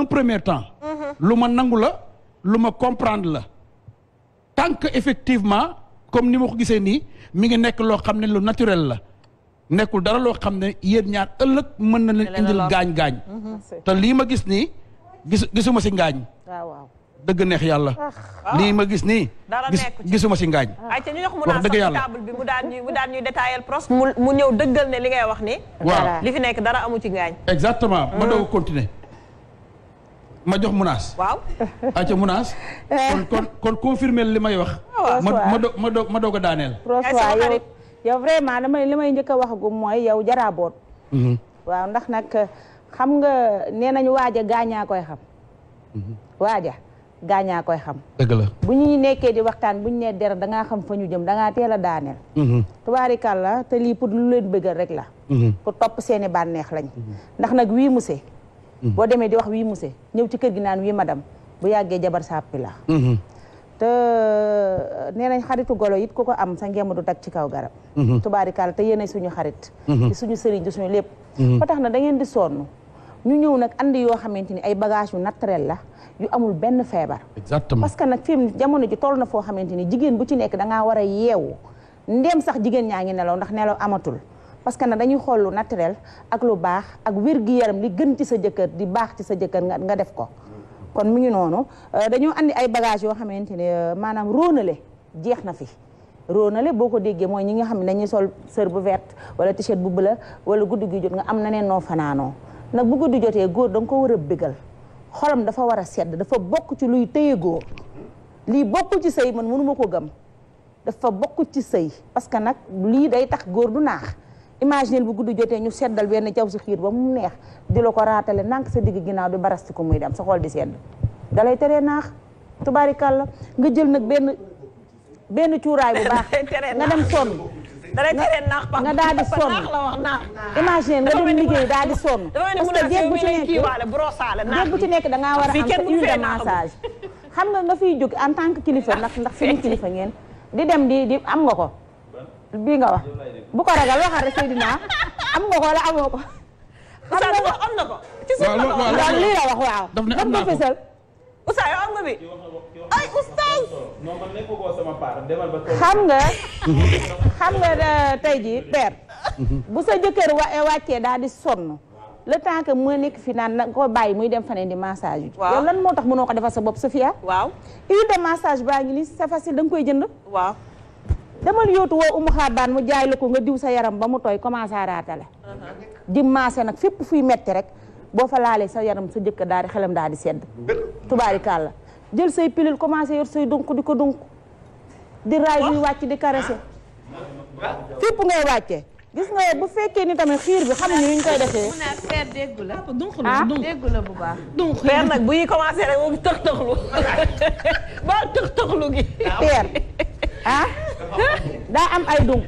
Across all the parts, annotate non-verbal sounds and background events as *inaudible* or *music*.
un premier temps lu ma nangu la lu ma comprendre la tant que effectivement comme ni ma ko gisee nii mi ngi nekk loo xam ne lu naturel la nekkul dara loo xam ne yéen ñaar ëllëg mën na leen indil gaañ-gaañ mhm, te lii ma gis nii gis gisuma si ngaañ ah, dëgg neex yàlla ah. lii ma gis nii gis gisuma si ngaañ ah. ayca ñu jox mu naa sax table bi mu daan ñuy mu daan ñuy mu ñëw dëggal ne li ngay wax ni waaw li fi nekk dara amu ci ngaañ exactement ma mm. doog continuer ma jox munaas. waaw. ayca munaas. *laughs* Eh. kon kon kon li may wax. Oh, ma ma ma do ma doog a daaneel. yow yow vraiment damay li may njëkk a wax gu mooy yow jaraaboot. Mhm. waaw ndax nag eh, xam nga nee nañu waaja gaañaa koy xam. Mhm. waaja gaañaa koy xam. dëgg la bu ñuy nekkee di waxtaan bu ñu nee der da ngaa xam fa ñu jëm dangaa ngaa teel a daaneel. Mhm. tubaarikàlla te lii pour lu leen bëggal rek la. pour topp seeni bànneex lañ. ndax nag wii musée. Mm-hmm. boo demee di wax wii monsieur ñëw ci kër gi naan wii madame bu yàggee jabar sàppi la mm-hmm. te euh, nee nañ xaritu golo it ku ko am sa ngeem du tag ci kaw garab mm-hmm. tubaarikàlla te yéenay suñu xarit suñu sëriñ di suñu lépp ba tax na da ngeen di sonn ñu ñëw nag andi yoo xamante ni ay bagage yu naturel la yu amul benn feebar exactement parce que nag fi jamono ji toll na foo xamante ni jigéen bu ci nekk dangaa war a yeewu ndéem sax jigéen ñaa ngi nelaw ndax nelaw amatul parce que nag dañuy xool lu naturel ak lu baax ak wér-gu-yaram li gën ci sa jëkkër di baax ci sa jëkkër nga nga def ko kon mu ngi noonu euh, dañoo àndi ay bagages yoo xamante ne euh, maanaam róonale jeex na fi róonale boo ko déggee mooy ñi nga xam ne dañuy sol sër bu verte wala t-shirt bu bleu wala guddi gi jot nga am na neen noo fanaanoo nag bu guddi jotee góor da nga ko war a bégal xolam dafa war a sedd dafa bokk ci luy téye góor lii bokk ci sëy man mënuma ko gëm dafa bokk ci sëy parce que nag lii day tax góor du naax imaginer bu gudd jotee ñu seddal benn caw si xiir ba mu neex di la ko raatale nank sa digg ginnaaw di barasti ko muy dem sa xool di sedd dalay teree naax tubaarikàlla nga jël nag benn benn cuuraay bu baax *laughs* nga dem sonn teree naax pa nga daal di sonn imaginer nga dem liggéey daal di sonn parce que jeeg bu ci nekk jeeg bu ci nekk da war a am sa huile de massage xam nga nga fiy jóg en tant que kilifa ndax ndax suñu kilifa ngeen di dem di di am nga ko bii nga wax bu ko ragal waxal rek Seydina am nga ko wala amoo ko. xam nga ko am na ko. ci suuf la ko waaw ko Oustaz nga xam nga euh, tey jii père. bu sa jëkkër wa euh, wàccee daal di sonn. le temps que mu nekk fi naan na ko bàyyi muy dem faneen di massage yi. yow lan moo tax mënoo ko defal sa bopp Sofia. waaw huile massage baa ngi nii c'est facile da koy jënd. waaw. demal yootu woo umu xaabaan mu jaay la ko nga diw sa yaram ba mu tooy commencé à di maase nag fépp fuy metti rek boo fa laalee sa yaram sa jëkka daal di xelam daal di sedd tubaarikàlla jël say pilule commencé say dunk di ko dunk di raay buy wàcc di caressé fépp ngay wàccee gis nga bu fekkee ni tamit xiir bi xamuñu ni ñu koy defee. mun naa fer la. ah déggu la bu baax. donc fer bu ñuy commencé rek tëx tëx tëxlu gi. fer daa am ay dunk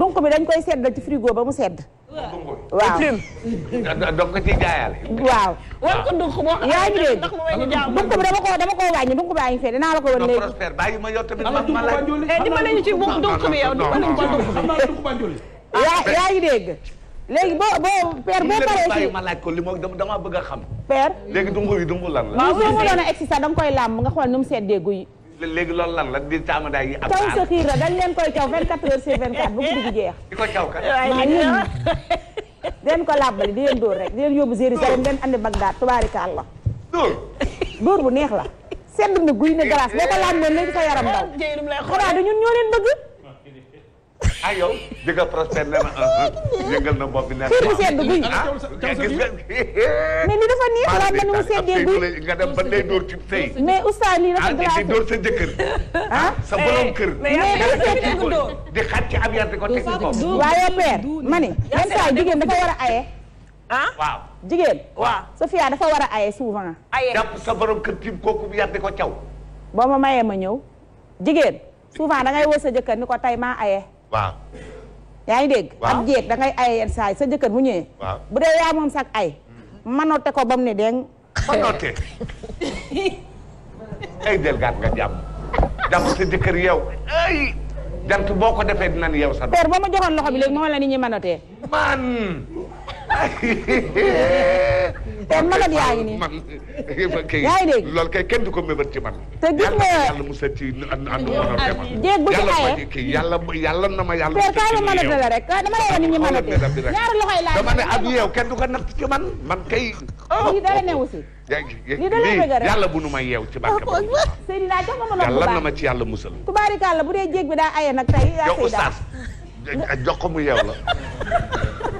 dunk bi dañ koy sedd ci frigo ba mu sedd waaw donc ci jaayaale waaw war ko dunk moom yaa ngi dégg dunk bi dama ko dama ko wàññi dunk baa ngi fee dinaa la ko wan léegi Prospère bàyyi ma yow tamit ma laaj eh, dimbale ñu ci dunk bi yow dimbale ñu ci dunk bi yaa yaa boo paree ci li dama bëgg a xam père léegi dungu yi dungu lan la soo mënoon a egsi sax da nga koy làmb nga xool nu mu seddee guy léegi loolu lan la di taamadaay yi. am caw sa xiir la dañ leen koy caw 24 heures sur 24 bu guddi gi jeex. di ko caw kat. den ko làbbali di leen dóor rek di leen yóbbu Jérusalem den andi Bagdad tubaarikàlla. dóor dóor bu neex la. sedd na guy ne glace boo ko làmboon léegi sa yaram daw. xanaa du ñun ñoo leen bëgg. ah yow jëgal prospère nee a ah, un ah, un yëngal na guy ah, *laughs* mais li dafa nii xalaat nga ni mu seddee guy nga dem ba day door ci dafa glacé sa jëkkër. ah sa borom kër. mais ci ab yar ko teg ci waaye père ma ne. yenn jigéen dafa war a aye. ah jigéen. waaw Sofia dafa war a aye souvent. aye jàpp sa borom kër tiim kooku yar di ko caw. boo ma mayee ma ñëw. jigéen souvent da ngay woo sa jëkkër ni ko tey maa aye waaw yaa ngi dégg ak jeeg da ngay ay yenn saay sa jëkkër bu ñëwee waaw bu dee yaa moom sax ay manote ko bam ne deng manote ay delgaat nga jàmm jàmm sa jëkkër yow ay jant boo ko defee dinañ yow sa père ba ma joxoon loxo bi léegi moom la nit ñi manotee man kon *laughs* magat yaa ngi nii kay kenn du ko mébét ci man te gis yàlla mu set bu ci aye kii na ma yàlla père kaay ma mënate la rek dama lay ñaari loxo yi laaj dama ab yeew kenn du ko natt ci man man kay lii oh, lii dara bëgg oh, oh, rek yàlla bu nu ma yeew ci barke Seydina jox ma ma noonu yàlla na ma ci yàlla musal tubaarikàlla bu dee jéeg bi daa aye nag tey yow oustaz jox ko mu yeew la *laughs*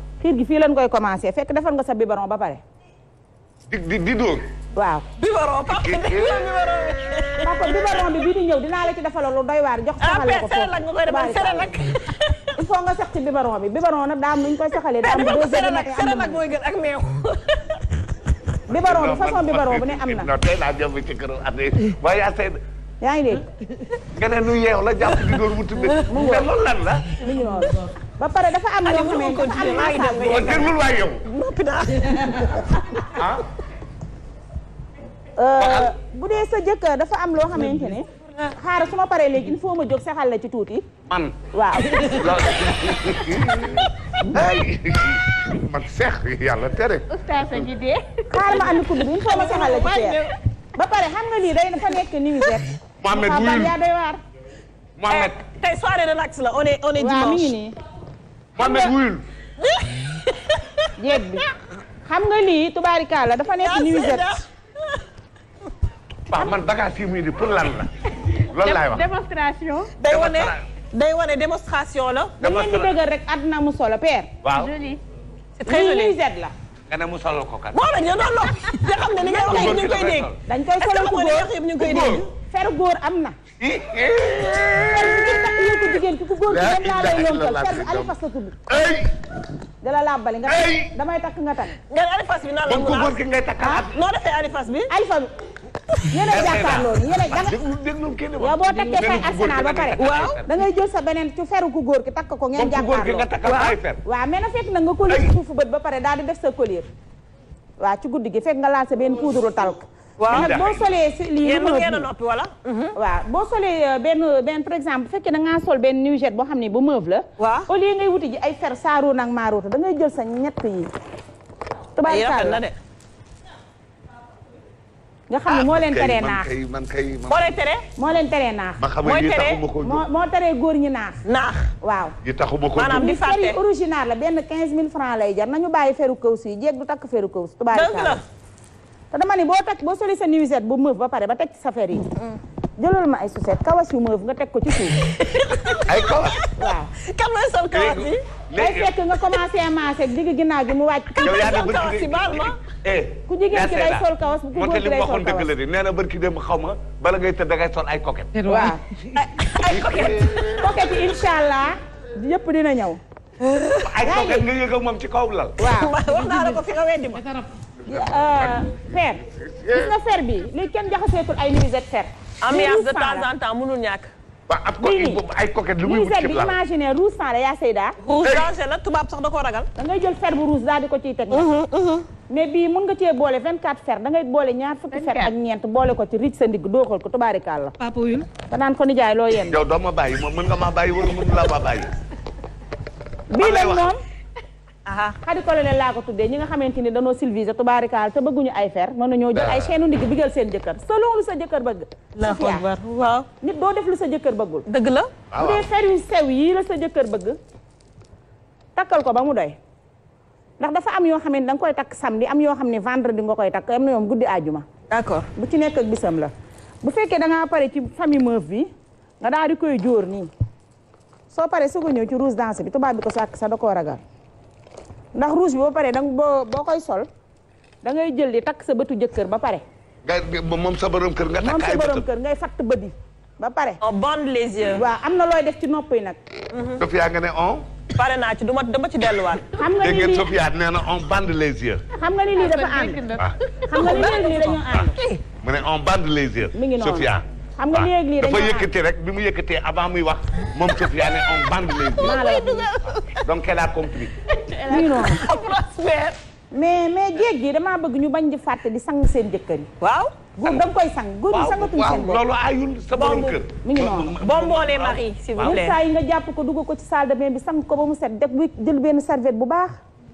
xiir gi fii lan koy commencé fekk defal nga sa biberon ba pare. di di di dóor. waaw. biberon papa biberon bi bii di ñëw dinaa la ci defalal lu doy waar jox ah, saxal la ko foofu. ah nga koy defal sere nag. *laughs* il nga bi biberon nag daa koy saxalee. daa am deux heures nag sere nag mooy gën ak meew. *laughs* biberon bi façon biberon bu ne am na. non *laughs* tey laa jëm ci waaye Asène. yaa ngi dégg. keneen nu yeew la jàpp di dóor mu tibbee. mu ngi ba pare dafa am loo xamee dafa am message déglul waay yow noppi naa *laughs* ah euh, am loo xamante ne su ma paree léegi il faut ma jóg saxal la ci tuuti man waaw man seex yàlla tere ustaas a ngi dee xaaral ma andi kudd bi il faut ma saxal la ci teer ba pare xam nga lii day dafa nekk nuisette Mohamed yaa doy waar Mohamed eh, tey soirée relax la on est on man nag wuyul. jeeg *laughs* bi xam nga lii la dafa nekk nuisette. waaw man bagage fii muy di pour lan la. loolu laay wax démonstration. day wane day démonstration la. démonstration da ngeen di dëgër rek mu solo père. waaw joli. c'est la. nga ne mu solo ko kat. moom la ñu doon lópp. nga xam ne ni ngay wax ñu koy dégg. dañ koy solo ku góor est-ce am na. *laughs* ku jigéen ki ku góor ki dem naa lay yonkal kàddu alifas la tudd. ay. dala làbbali nga damay takk nga takk. nga alifas bi nan la ko góor ki ngay takk ah? noo defee alifas bi. alifas bi yéen a jàkkaarloo yéen a danga yow boo takkee fay arsenal ba pare. waaw da ngay jël sa beneen ci feru ku góor ki takk ko ngeen jàkkaarloo. waaw mais na fekk nag nga collier ci suufu bët ba pare daal di def sa collier. waaw ci guddi gi fekk nga lancé benn poudre talc waaw boo solee si lii mën ngeen a wala mhm. mhm. waaw boo solee euh, benn benn par exemple fekke fekkee da sol benn nuisette boo xam ne bu mauve la waaw au lieu ngay wuti ji ay fer saaroo nag maarooto da ngay jël sa ñett yi tubaab na de nga xam ne moo leen ah, teree naax man kay moo leen teree moo leen teree naax mooy teree moo teree góor ñi naax naax waaw ñu taxuma ko maanaam di fàtte original la benn quinze mille francs lay jar nañu bàyyi feru kaws yi jeeg du takk feru kaws tubaab te dama ni boo teg boo soli sa nuisette bu meuf ba pare ba teg ci jëlal ma ay suset kawas yu meuf nga teg ko ci suuf. *laughs* ay kawas waaw. kan mooy sol kawas yi. day fekk nga commencé maase digg ginnaaw gi mu wàcc. yow yaa ne kawas yi baal ma. ku jigéen ki day sol kawas bu ku góor ki day sol kawas waxoon dëgg la de nee na barki dem xaw ma bala ngay tëdd dangay sol ay coquette. waaw ay coquette. coquette yi incha allah yëpp dina ñëw. ay coquette nga yëg moom ci kaw lal. waaw wax naa la ko fi nga weddi ma. fer euh, gis nga fer bi léegi kenn jaxaseetul ay nuisette fer. ambiance de temps en temps mënul ñàkk. ay coquette lu bi imaginaire rouge sang la yaa Seyda. rouge danger la tubaab sax da koo ragal. da ngay jël fer bu rouge daal di ko ciy teg. mais bii mën nga cee boole 24 fer da ngay boole ñaar fukki fer ak ñeent boole ko ci ricc sa ndigg dooxal ko tubaarikaal la. papa wul. te naan ko nijaay loo yenn. yow bàyyi moom nga maa bàyyi wala mën nga maa bàyyi. bii nag moom. xadi kolonel laa ko tuddee ñi nga xamante ni danoo sylviser tubaarikaal te bëgguñu ay fer mën na ñoo jël ay chaîne ndigg bigal seen jëkkër selon lu sa jëkkër bëgg Sofia waaw nit doo def lu sa jëkkër bëggul dëgg la bu ah, sew yii la sa jëkkër bëgg ko ba mu doy ndax dafa am yoo xam ne da koy takk sam samedi am yoo xam ne vendredi nga koy takk am na yoom guddi àjjuma d'accord bu ci nekk ak bisam la bu fekkee da ngaa pare ci famille meuf bi nga daal di koy jóor nii soo paree su ko ñëw ci rouge danse bi tubaab bi ko sàkk sa da koo ragal ndax rouge bi ba pare danga boo boo koy sol da ngay jël di takk sa bëtu jëkkër ba pare. ngay moom sa borom kër nga takk ay bëtam moom bët yi ba pare. on bande les yeux. am na looy def ci nopp yi nag. Mhm. Sophia nga ne on. pare naa ci du ma dama ci delluwaat. xam nga ni lii dégg ngeen Sophia nee na on bande les yeux. xam nga ni lii dafa ànd. xam nga ni lii dañoo ànd. Ah. Ah. mu ne on bande les yeux. mi ngi noonu xam nga léegi lii dafa yëkkati rek bi mu yëkkatee avant muy wax moom Sofiane on bande les *laughs* donc elle a compris. lii noonu. mais mais jéeg gi damaa bëgg ñu bañ di fàtte di sang seen jëkkër yi. waaw góor da koy sang góor yi sangatuñ seen bopp loolu ayul sa borom kër. mi ngi noonu bonbon les maris s'il vous plaît. saa yi nga jàpp ko dugg ko ci salle de bi sang ko ba mu set def bi jël benn serviette bu baax.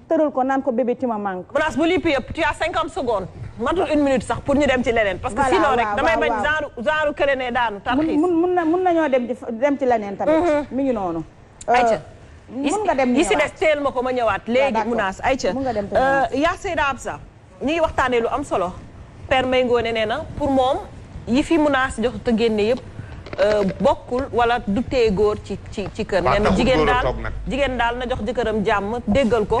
tëral ko naan ko bébé tu ma manque. Bras bu lépp yëpp tu as cinquante secondes. matul une minute sax pour ñu dem ci leneen. parce que sinon rek damay bañ genre genre kële ne daanu. tarxiis mun na mun nañoo dem ci dem ci leneen tamit. Mhm. mi ngi noonu. ayca euh, mun nga dem ñëwaat yi si des teel ma ko ma ñëwaat. léegi munaas ayca mun nga dem yaa Seyda Absa ñu ngi waxtaanee lu am solo. Père Mbaye Ngoné nee na pour moom yi fi munaas jox te génne yëpp. Euh, bokkul wala du tee góor ci ci ci kër. waaw jigéen daal jigéen daal na jox jëkkëram jàmm déggal ko.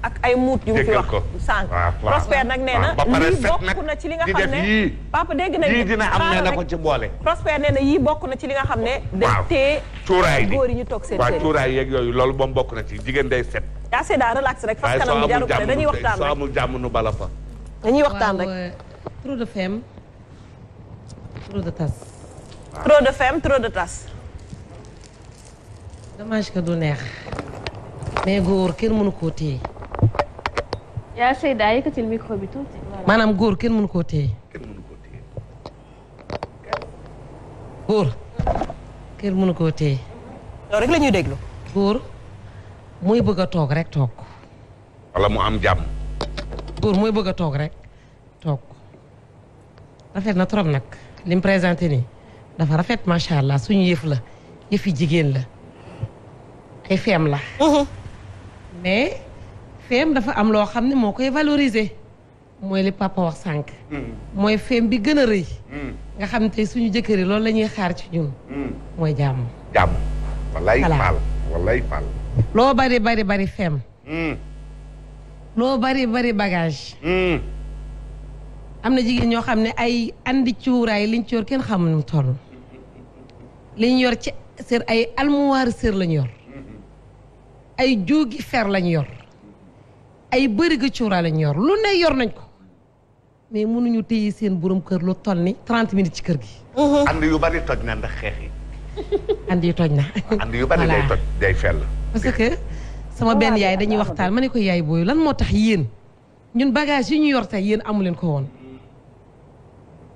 ak ay muut yu mu fi wax sànq Prospère nag nee na lii bokk na ci li nga xam ne papa dégg na yii dina am nee na ko ci boole Prospère nee na yii bokk na ci li nga xam ne da tee cuuraay góor yi ñu toog seen waaw cuuraay yooyu loolu moom bokk na ci jigéen day set yaa seeda relax rek fas kanam bi jaru ko dañuy waxtaan rek soo amul jàmm nu bala fa dañuy waxtaan rek euh, trop de femme trop de tas trop de tas dommage que du neex mais góor kenn mënu koo téye yaa Seyda yëkkatil micro bi tuuti. maanaam góor kenn mënu koo téye. góor. kenn mënu koo téye. loolu la ñuy déglu. góor muy bëgg a toog rek toog. wala mu am jàmm. góor bëgg a toog rek toog rafet na trop nag li mu présenté nii dafa rafet macha allah suñu yëf la yëfi jigéen la ay feem la. Mm-hmm. mais. feem dafa am loo xam ne moo koy valorisé mooy li papa wax sànq. Hmm. mooy feem bi gën a rëy. Hmm. nga xam tey suñu jëkkër yi loolu la ñuy xaar ci ñun. Hmm. mooy jàmm. jàmm wallaay faal loo bari bari bari feem. loo bari bari bagage. am na jigéen ñoo xam ne ay indi cuuraay liñ ci yor kenn xamuñu mu liñ yor ci sër ay almuwaar sër lañ yor. ay juugi fer lañ yor. ay bërigo cuura ñu yor lu ne yor nañ ko mais mënuñu téye seen borom kër lu tol ni 30 minutes ci kër gi. Uh-huh. ànd yu bari toj na ndax xeex yi. *laughs* yu toj na. ànd yu bari day toj day fell. parce que sama benn yaay dañuy waxtaan ma ne ko yaay booyu lan moo tax yéen ñun bagage yi ñu yor tey yéen amu leen ko woon.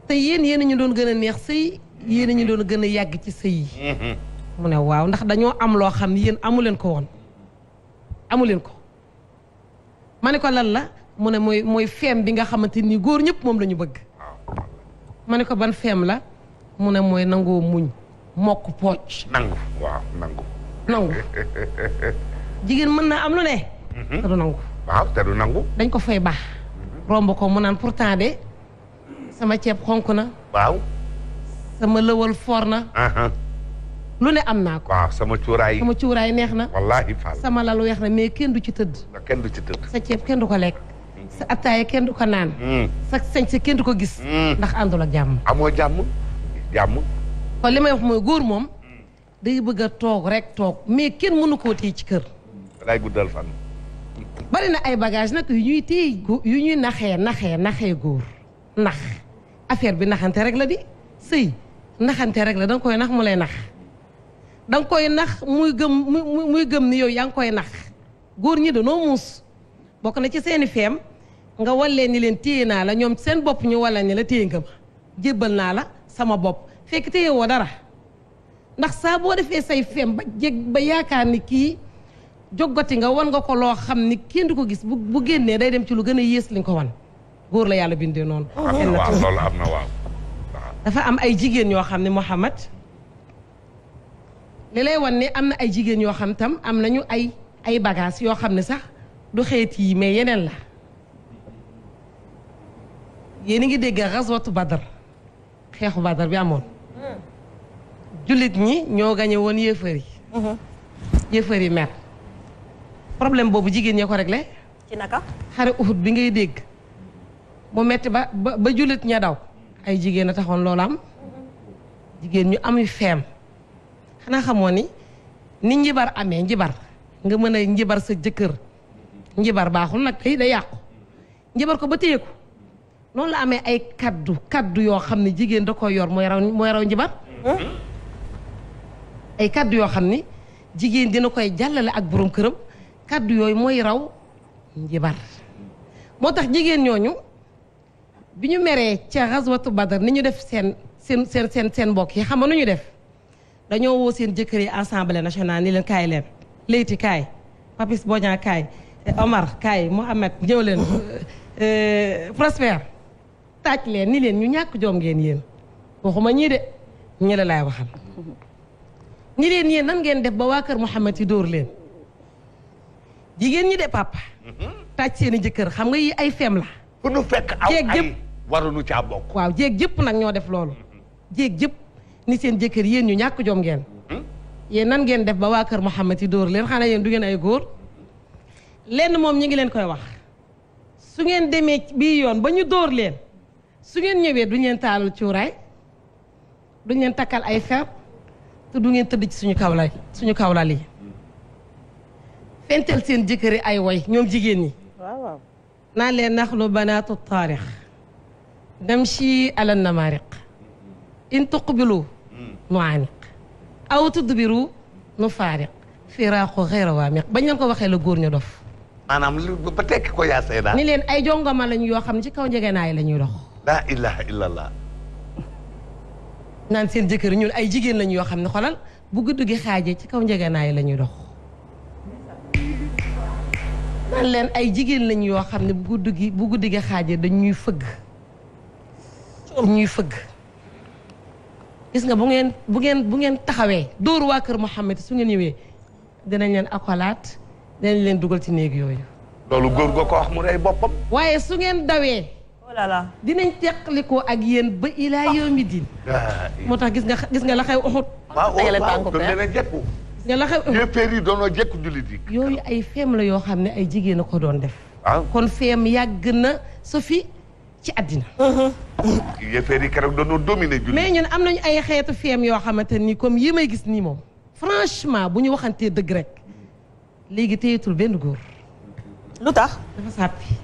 te yéen yéen ñu doon gën a neex sëy yéen ñu doon gën a yàgg ci sëy yi. Uh-huh. mu ne waaw ndax dañoo am loo xam ne yéen amuleen ko woon amuleen ko. ma ne ko lan la mu ne mooy mooy feem bi nga xamante nii góor ñëpp moom lañu ñu bëgg ma ne ko ban feem la mu ne mooy nangoo muñ mokk pooc nangu jigéen mën na am lu ne mhm. te du nangu dañ ko fay baax romb ko mu naan pourtant de sama ceeb xonk na waaw sama lëwal for na uh-huh. lu ne am naa ko. waaw sama cuuraay sama cuuraay neex na. wallaahi Fall sama lal weex na mais kenn du ci tëdd. kenn du sa ceeb kenn du ko lekk. sa attaaya kenn du ko naan. Hmm. sa sañ sa kenn du ko gis. Hmm. ndax àndul ak jàmm. amoo jàmm jàmm. kon li may wax mooy góor moom. day bëgg a toog rek toog mais kenn mënu koo téye ci kër. lay bari na ay bagage nag yu ñuy téye yu ñuy naxee naxee naxee góor ndax affaire bi naxante rek la di sëy naxante rek la danga koy nax mu lay nax. da nga koy nax muy gëm muy gëm ni yow yaa ngi koy nax góor ñi danoo muus bokk na ci seeni feem nga wallee ni leen téye naa la ñoom seen bopp ñu walla ni la téye nga ma jébbal naa la sama bopp fekk téye woo dara ndax saa boo defee say feem ba jeg ba yaakaar ni kii joggati nga wan nga ko loo xam ni kenn du ko gis bu bu génnee day dem ci lu gën a yées li nga ko wan góor la yàlla bindee noonu. am na waaw loolu am na waaw. dafa am ay jigéen ñoo xam ne Mouhamed. li lay wan ne am na ay jigéen yoo xam tam am nañu ay ay bagages yoo xam ne sax du xeet yi mais yeneen la yéen a ngi dégg xaswatu badar xeexu badar bi amoon jullit ñi ñoo gañe woon yéefar yi mhm. yéefar yi mer problème boobu jigéen ñee ko rek ci naka xare Uhud bi ngay dégg mu metti ba ba jullit ña daw ay jigéen a taxoon loolu am mhm. jigéen ñu am feem xanaa xamoon ni ni njibar amee njibar nga mën a njibar sa jëkkër njibar baaxul nag day da yàqu njibar ko ba téye ko noonu la amee ay kaddu kaddu yoo xam ne jigéen da koy yor mooy raw mooy raw njibar mm-hmm. ay kaddu yoo xam ni jigéen dina koy jàllale ak boroom këram kaddu yooyu mooy raw njibar moo tax jigéen ñooñu bi ñu meree ca xaswatu badar ni ñu def seen seen seen seen seen mbokk yi xam nga nu ñu def dañoo woo seen jëkkër yi assemblée nationale ni leen kaay leen Leyti kaay Papis Bodian kaay Omar kaay Mohamed ñëw leen euh, euh, Prosper taaj leen ni leen ñu ñàkk joom ngeen yéen waxuma ñii de ñi la laay waxal ñi leen yéen nan ngeen def ba waa kër Mohamed yi dóor leen jigéen ñi de papa taaj seen jëkkër xam nga yi ay fem la fu nu fekk aw ay waaw jéeg jëpp nag ñoo def loolu jéeg jëpp ni seen jëkkër yéen ñu ñàkk jom ngeen hmm? yéen nan ngeen def ba waa kër Mouhamed yi dóor leen xanaa yeen du ngeen ay góor lenn moom ñu ngi leen koy wax su ngeen demee bii yoon ba ñu dóor leen su ngeen ñëwee du leen taalal cuuraay du leen takkal ay fer te du ngeen tëdd ci suñu kawlal suñu kawlal yi fentel seen jëkkëri ay woy ñoom jigéen ñi waaw naa leen naxlu banaatu taarix namshi ala namariq in tuqbilu nuwaani aw tudd biru nu faariq firaaxu xeyra waamiq bañ leen ko waxee la góor ña dof maanaam lu ba ni leen ay jongama lañu yoo xam ne ci kaw njegeenaay la ñuy dox laa naan seen jëkkër ñun ay jigéen lañu yoo xam ne xolal bu gudd gi xaajee ci kaw njegeenaay lañuy dox naan leen ay jigéen lañu yoo xam ne bu gudd gi xaajee dañuy fëgg ñuy fëgg gis nga bu ngeen bu ngeen bu ngeen taxawee dóoru waa kër Mouhamed su ngeen ñëwee dinañ leen akolaat dinañ leen dugal ci néeg yooyu. loolu góor ko wax mu rey boppam. waaye su ngeen dawee. voilà oh dinañ teqlikoo ak yéen ba ilaa yawmi diin. moo tax gis nga gis nga la xew Uhud. waaw la xew Uhud yëpp yooyu ay feem la yoo xam ne ay jigéen a ko doon def. Ah. kon feem yàgg na sofi ci àddina yëfeer yi keroog doon dominer julli mais am nañu ay xeetu feem yoo xamante ni comme yi gis nii moom franchement bu ñu waxantee dëgg rek léegi téyetul benn góor lu tax dafa sàppi